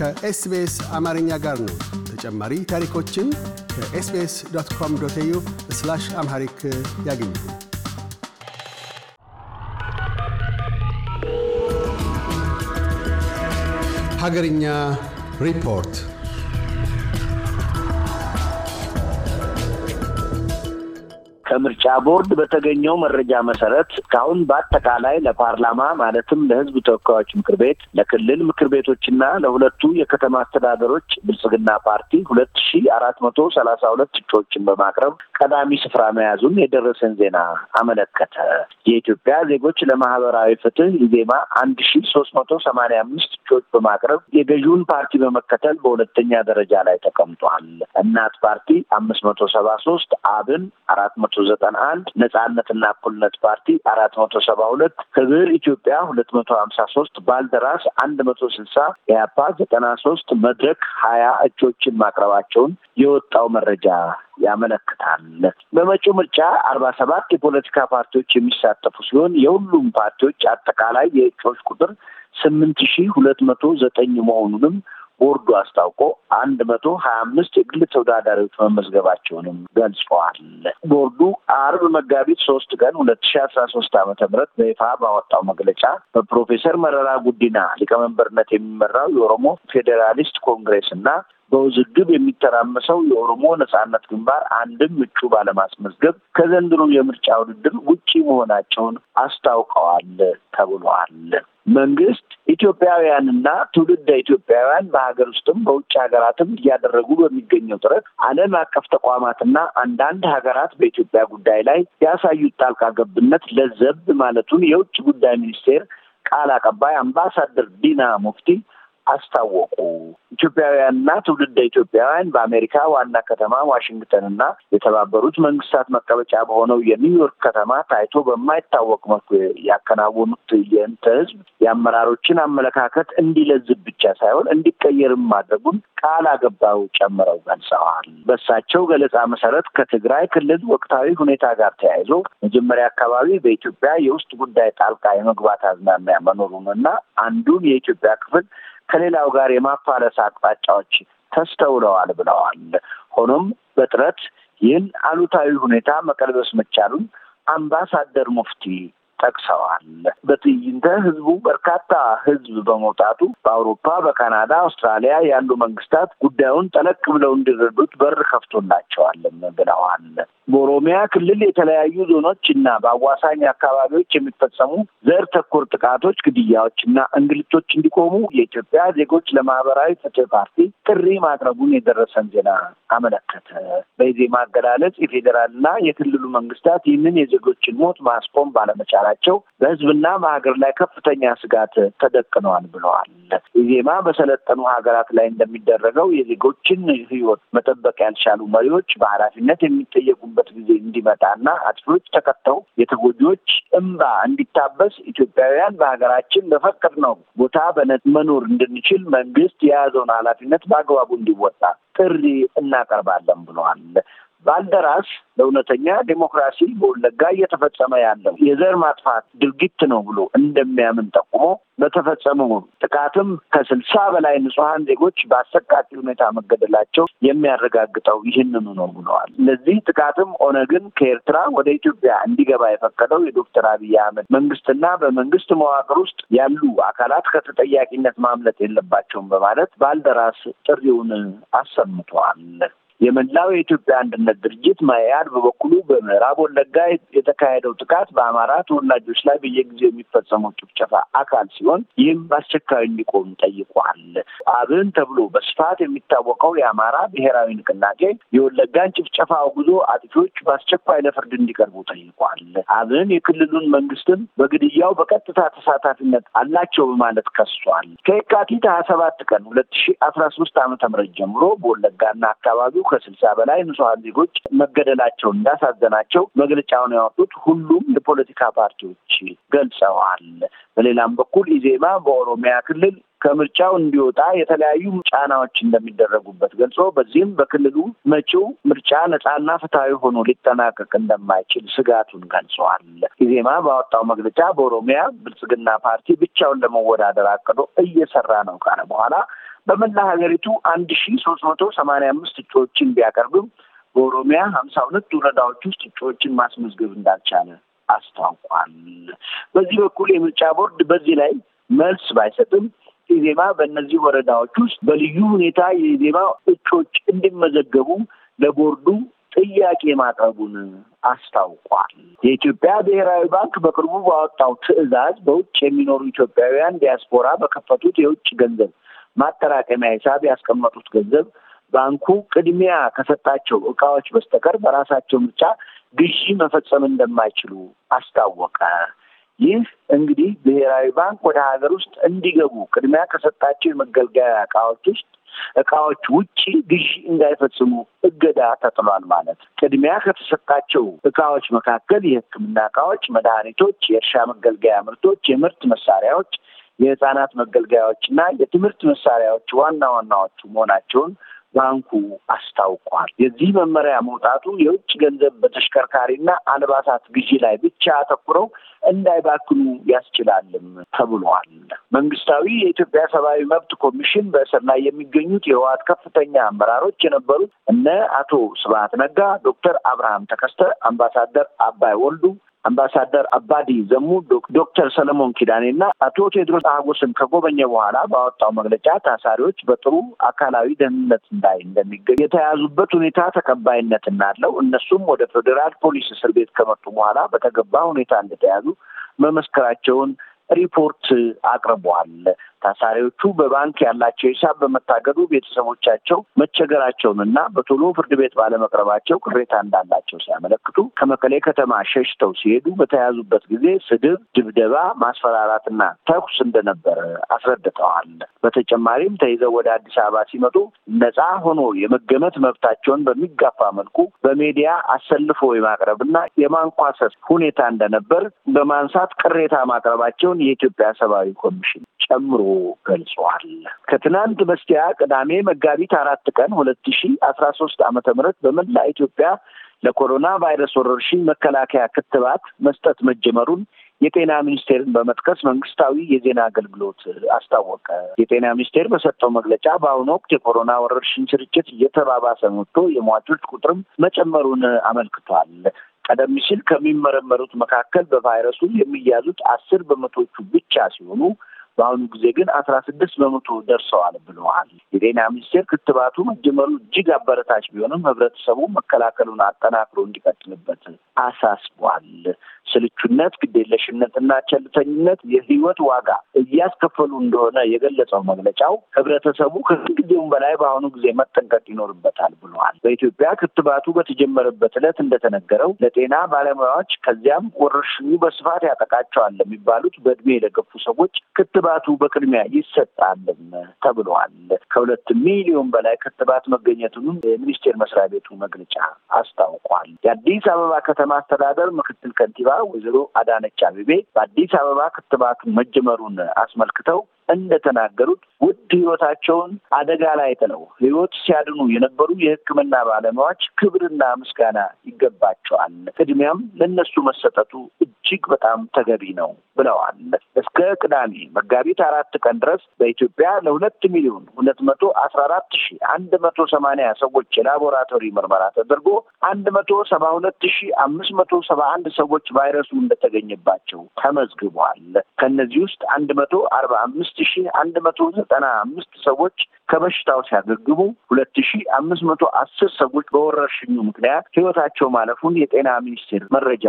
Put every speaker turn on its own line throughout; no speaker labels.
ከኤስቢኤስ አማርኛ ጋር ነው። ተጨማሪ ታሪኮችን ከኤስቢኤስ ዶት ኮም ዶት ዩ አምሃሪክ ያገኙ። ሀገርኛ ሪፖርት ከምርጫ ቦርድ በተገኘው መረጃ መሰረት እስካሁን በአጠቃላይ ለፓርላማ ማለትም ለህዝብ ተወካዮች ምክር ቤት፣ ለክልል ምክር ቤቶችና ለሁለቱ የከተማ አስተዳደሮች ብልጽግና ፓርቲ ሁለት ሺ አራት መቶ ሰላሳ ሁለት እጩዎችን በማቅረብ ቀዳሚ ስፍራ መያዙን የደረሰን ዜና አመለከተ። የኢትዮጵያ ዜጎች ለማህበራዊ ፍትህ ኢዜማ አንድ ሺ ሶስት መቶ ሰማንያ አምስት እጩዎች በማቅረብ የገዢውን ፓርቲ በመከተል በሁለተኛ ደረጃ ላይ ተቀምጧል። እናት ፓርቲ አምስት መቶ ሰባ ሶስት አብን አራት መቶ ዘጠና አንድ ነጻነትና እኩልነት ፓርቲ አራት መቶ ሰባ ሁለት ህብር ኢትዮጵያ ሁለት መቶ ሀምሳ ሶስት ባልደራስ አንድ መቶ ስልሳ ኢያፓ ዘጠና ሶስት መድረክ ሀያ እጆችን ማቅረባቸውን የወጣው መረጃ ያመለክታል። በመጪው ምርጫ አርባ ሰባት የፖለቲካ ፓርቲዎች የሚሳተፉ ሲሆን የሁሉም ፓርቲዎች አጠቃላይ የእጮች ቁጥር ስምንት ሺህ ሁለት መቶ ዘጠኝ መሆኑንም ቦርዱ አስታውቆ አንድ መቶ ሀያ አምስት የግል ተወዳዳሪዎች መመዝገባቸውንም ገልጸዋል። ቦርዱ አርብ መጋቢት ሶስት ቀን ሁለት ሺ አስራ ሶስት ዓመተ ምህረት በይፋ ባወጣው መግለጫ በፕሮፌሰር መረራ ጉዲና ሊቀመንበርነት የሚመራው የኦሮሞ ፌዴራሊስት ኮንግሬስ እና በውዝግብ የሚተራመሰው የኦሮሞ ነጻነት ግንባር አንድም እጩ ባለማስመዝገብ ከዘንድሮ የምርጫ ውድድር ውጪ መሆናቸውን አስታውቀዋል ተብሏል። መንግስት ኢትዮጵያውያንና ትውልደ ኢትዮጵያውያን በሀገር ውስጥም በውጭ ሀገራትም እያደረጉ በሚገኘው ጥረት ዓለም አቀፍ ተቋማትና አንዳንድ ሀገራት በኢትዮጵያ ጉዳይ ላይ ያሳዩት ጣልቃ ገብነት ለዘብ ማለቱን የውጭ ጉዳይ ሚኒስቴር ቃል አቀባይ አምባሳደር ዲና ሙፍቲ አስታወቁ። ኢትዮጵያውያንና ትውልደ ኢትዮጵያውያን በአሜሪካ ዋና ከተማ ዋሽንግተንና የተባበሩት መንግስታት መቀመጫ በሆነው የኒውዮርክ ከተማ ታይቶ በማይታወቅ መልኩ ያከናወኑት ትዕይንተ ህዝብ የአመራሮችን አመለካከት እንዲለዝብ ብቻ ሳይሆን እንዲቀየርም ማድረጉን ቃል አቀባዩ ጨምረው ገልጸዋል። በሳቸው ገለጻ መሰረት ከትግራይ ክልል ወቅታዊ ሁኔታ ጋር ተያይዞ መጀመሪያ አካባቢ በኢትዮጵያ የውስጥ ጉዳይ ጣልቃ የመግባት አዝማሚያ መኖሩንና አንዱን የኢትዮጵያ ክፍል ከሌላው ጋር የማፋለስ አቅጣጫዎች ተስተውለዋል ብለዋል። ሆኖም በጥረት ይህን አሉታዊ ሁኔታ መቀልበስ መቻሉን አምባሳደር ሙፍቲ ጠቅሰዋል። በትዕይንተ ህዝቡ በርካታ ህዝብ በመውጣቱ በአውሮፓ፣ በካናዳ፣ አውስትራሊያ ያሉ መንግስታት ጉዳዩን ጠለቅ ብለው እንዲረዱት በር ከፍቶላቸዋል ብለዋል። በኦሮሚያ ክልል የተለያዩ ዞኖች እና በአዋሳኝ አካባቢዎች የሚፈጸሙ ዘር ተኮር ጥቃቶች፣ ግድያዎች እና እንግልቶች እንዲቆሙ የኢትዮጵያ ዜጎች ለማህበራዊ ፍትህ ፓርቲ ጥሪ ማቅረቡን የደረሰን ዜና አመለከተ። በኢዜማ አገላለጽ የፌዴራልና የክልሉ መንግስታት ይህንን የዜጎችን ሞት ማስቆም ባለመቻላቸው በህዝብና በሀገር ላይ ከፍተኛ ስጋት ተደቅነዋል ብለዋል። ኢዜማ በሰለጠኑ ሀገራት ላይ እንደሚደረገው የዜጎችን ህይወት መጠበቅ ያልቻሉ መሪዎች በኃላፊነት የሚጠየቁበት የሚደርስበት ጊዜ እንዲመጣና አጥፊዎች ተከተው የተጎጂዎች እምባ እንዲታበስ ኢትዮጵያውያን በሀገራችን ነው ቦታ በነት መኖር እንድንችል መንግስት የያዘውን ኃላፊነት በአግባቡ እንዲወጣ ጥሪ እናቀርባለን ብለዋል። ባልደራስ በእውነተኛ ዴሞክራሲ በወለጋ እየተፈጸመ ያለው የዘር ማጥፋት ድርጊት ነው ብሎ እንደሚያምን ጠቁሞ በተፈጸመው ጥቃትም ከስልሳ በላይ ንጹሐን ዜጎች በአሰቃቂ ሁኔታ መገደላቸው የሚያረጋግጠው ይህንኑ ነው ብለዋል። ለዚህ ጥቃትም ኦነግን ከኤርትራ ወደ ኢትዮጵያ እንዲገባ የፈቀደው የዶክተር አብይ አህመድ መንግስትና በመንግስት መዋቅር ውስጥ ያሉ አካላት ከተጠያቂነት ማምለጥ የለባቸውም በማለት ባልደራስ ጥሪውን አሰምተዋል። የመላው የኢትዮጵያ አንድነት ድርጅት መኢአድ በበኩሉ በምዕራብ ወለጋ የተካሄደው ጥቃት በአማራ ተወላጆች ላይ በየጊዜው የሚፈጸመው ጭፍጨፋ አካል ሲሆን ይህም በአስቸኳይ እንዲቆም ጠይቋል። አብን ተብሎ በስፋት የሚታወቀው የአማራ ብሔራዊ ንቅናቄ የወለጋን ጭፍጨፋ አውግዞ አጥፊዎች በአስቸኳይ ለፍርድ እንዲቀርቡ ጠይቋል። አብን የክልሉን መንግስትም በግድያው በቀጥታ ተሳታፊነት አላቸው በማለት ከሷል። ከየካቲት ሀያ ሰባት ቀን ሁለት ሺ አስራ ሶስት አመተ ምህረት ጀምሮ በወለጋና አካባቢው ከስልሳ በላይ ንጹሐን ዜጎች መገደላቸው እንዳሳዘናቸው መግለጫውን ያወጡት ሁሉም የፖለቲካ ፓርቲዎች ገልጸዋል። በሌላም በኩል ኢዜማ በኦሮሚያ ክልል ከምርጫው እንዲወጣ የተለያዩ ጫናዎች እንደሚደረጉበት ገልጾ በዚህም በክልሉ መጪው ምርጫ ነጻና ፍትሐዊ ሆኖ ሊጠናቀቅ እንደማይችል ስጋቱን ገልጸዋል። ኢዜማ ባወጣው መግለጫ በኦሮሚያ ብልጽግና ፓርቲ ብቻውን ለመወዳደር አቅዶ እየሰራ ነው ካለ በኋላ በመላ ሀገሪቱ አንድ ሺ ሶስት መቶ ሰማኒያ አምስት እጩዎችን ቢያቀርብም በኦሮሚያ ሀምሳ ሁለት ወረዳዎች ውስጥ እጩዎችን ማስመዝገብ እንዳልቻለ አስታውቋል። በዚህ በኩል የምርጫ ቦርድ በዚህ ላይ መልስ ባይሰጥም ኢዜማ በእነዚህ ወረዳዎች ውስጥ በልዩ ሁኔታ የኢዜማ እጩዎች እንዲመዘገቡ ለቦርዱ ጥያቄ ማቅረቡን አስታውቋል። የኢትዮጵያ ብሔራዊ ባንክ በቅርቡ ባወጣው ትዕዛዝ በውጭ የሚኖሩ ኢትዮጵያውያን ዲያስፖራ በከፈቱት የውጭ ገንዘብ ማጠራቀሚያ ሂሳብ ያስቀመጡት ገንዘብ ባንኩ ቅድሚያ ከሰጣቸው እቃዎች በስተቀር በራሳቸው ምርጫ ግዢ መፈጸም እንደማይችሉ አስታወቀ። ይህ እንግዲህ ብሔራዊ ባንክ ወደ ሀገር ውስጥ እንዲገቡ ቅድሚያ ከሰጣቸው የመገልገያ እቃዎች ውስጥ እቃዎች ውጪ ግዢ እንዳይፈጽሙ እገዳ ተጥሏል ማለት። ቅድሚያ ከተሰጣቸው እቃዎች መካከል የሕክምና እቃዎች፣ መድኃኒቶች፣ የእርሻ መገልገያ ምርቶች፣ የምርት መሳሪያዎች፣ የህፃናት መገልገያዎች እና የትምህርት መሳሪያዎች ዋና ዋናዎቹ መሆናቸውን ባንኩ አስታውቋል። የዚህ መመሪያ መውጣቱ የውጭ ገንዘብ በተሽከርካሪና አልባሳት ግዢ ላይ ብቻ አተኩረው እንዳይባክኑ ያስችላልም ተብሏል። መንግስታዊ የኢትዮጵያ ሰብአዊ መብት ኮሚሽን በእስር ላይ የሚገኙት የህወሓት ከፍተኛ አመራሮች የነበሩት እነ አቶ ስብሀት ነጋ፣ ዶክተር አብርሃም ተከስተ፣ አምባሳደር አባይ ወልዱ አምባሳደር አባዲ ዘሙ፣ ዶክተር ሰለሞን ኪዳኔ እና አቶ ቴድሮስ ሀጎስን ከጎበኘ በኋላ ባወጣው መግለጫ ታሳሪዎች በጥሩ አካላዊ ደህንነት ላይ እንደሚገኝ የተያዙበት ሁኔታ ተቀባይነት እናለው እነሱም ወደ ፌዴራል ፖሊስ እስር ቤት ከመጡ በኋላ በተገባ ሁኔታ እንደተያዙ መመስከራቸውን ሪፖርት አቅርበዋል። ታሳሪዎቹ በባንክ ያላቸው ሂሳብ በመታገዱ ቤተሰቦቻቸው እና በቶሎ ፍርድ ቤት ባለመቅረባቸው ቅሬታ እንዳላቸው ሲያመለክቱ ከመቀሌ ከተማ ሸሽተው ሲሄዱ በተያዙበት ጊዜ ስድብ፣ ድብደባ፣ ማስፈራራትና ተኩስ እንደነበረ አስረድተዋል። በተጨማሪም ተይዘው ወደ አዲስ አበባ ሲመጡ ነፃ ሆኖ የመገመት መብታቸውን በሚጋፋ መልኩ በሜዲያ አሰልፎ የማቅረብና የማንኳሰስ ሁኔታ እንደነበር በማንሳት ቅሬታ ማቅረባቸውን የኢትዮጵያ ሰብአዊ ኮሚሽን ጨምሮ ገልጿል። ከትናንት በስቲያ ቅዳሜ መጋቢት አራት ቀን ሁለት ሺ አስራ ሶስት ዓመተ ምህረት በመላ ኢትዮጵያ ለኮሮና ቫይረስ ወረርሽኝ መከላከያ ክትባት መስጠት መጀመሩን የጤና ሚኒስቴርን በመጥቀስ መንግስታዊ የዜና አገልግሎት አስታወቀ። የጤና ሚኒስቴር በሰጠው መግለጫ በአሁኑ ወቅት የኮሮና ወረርሽኝ ስርጭት እየተባባሰ መጥቶ የሟቾች ቁጥርም መጨመሩን አመልክቷል። ቀደም ሲል ከሚመረመሩት መካከል በቫይረሱ የሚያዙት አስር በመቶቹ ብቻ ሲሆኑ በአሁኑ ጊዜ ግን አስራ ስድስት በመቶ ደርሰዋል ብለዋል። የጤና ሚኒስቴር ክትባቱ መጀመሩ እጅግ አበረታች ቢሆንም ህብረተሰቡ መከላከሉን አጠናክሮ እንዲቀጥልበት አሳስቧል። ስልቹነት፣ ግዴለሽነትና ቸልተኝነት የህይወት ዋጋ እያስከፈሉ እንደሆነ የገለጸው መግለጫው ህብረተሰቡ ከጊዜውም በላይ በአሁኑ ጊዜ መጠንቀቅ ይኖርበታል ብለዋል። በኢትዮጵያ ክትባቱ በተጀመረበት ዕለት እንደተነገረው ለጤና ባለሙያዎች ከዚያም ወረርሽኙ በስፋት ያጠቃቸዋል ለሚባሉት በእድሜ ለገፉ ሰዎች ክት ክትባቱ በቅድሚያ ይሰጣልን ተብሏል። ከሁለት ሚሊዮን በላይ ክትባት መገኘቱንም የሚኒስቴር መስሪያ ቤቱ መግለጫ አስታውቋል። የአዲስ አበባ ከተማ አስተዳደር ምክትል ከንቲባ ወይዘሮ አዳነች አቤቤ በአዲስ አበባ ክትባቱ መጀመሩን አስመልክተው እንደተናገሩት ውድ ህይወታቸውን አደጋ ላይ ጥለው ህይወት ሲያድኑ የነበሩ የህክምና ባለሙያዎች ክብርና ምስጋና ይገባቸዋል። ቅድሚያም ለእነሱ መሰጠቱ እጅግ በጣም ተገቢ ነው ብለዋል። እስከ ቅዳሜ መጋቢት አራት ቀን ድረስ በኢትዮጵያ ለሁለት ሚሊዮን ሁለት መቶ አስራ አራት ሺ አንድ መቶ ሰማኒያ ሰዎች የላቦራቶሪ ምርመራ ተደርጎ አንድ መቶ ሰባ ሁለት ሺ አምስት መቶ ሰባ አንድ ሰዎች ቫይረሱ እንደተገኘባቸው ተመዝግቧል። ከእነዚህ ውስጥ አንድ መቶ አርባ አምስት ሁለት ሺ አንድ መቶ ዘጠና አምስት ሰዎች ከበሽታው ሲያገግሙ ሁለት ሺ አምስት መቶ አስር ሰዎች በወረርሽኙ ምክንያት ህይወታቸው ማለፉን የጤና ሚኒስቴር መረጃ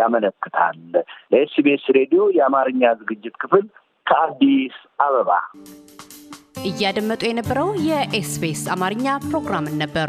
ያመለክታል። ለኤስቢኤስ ሬዲዮ የአማርኛ ዝግጅት ክፍል ከአዲስ አበባ እያደመጡ የነበረው የኤስቢኤስ አማርኛ ፕሮግራምን ነበር።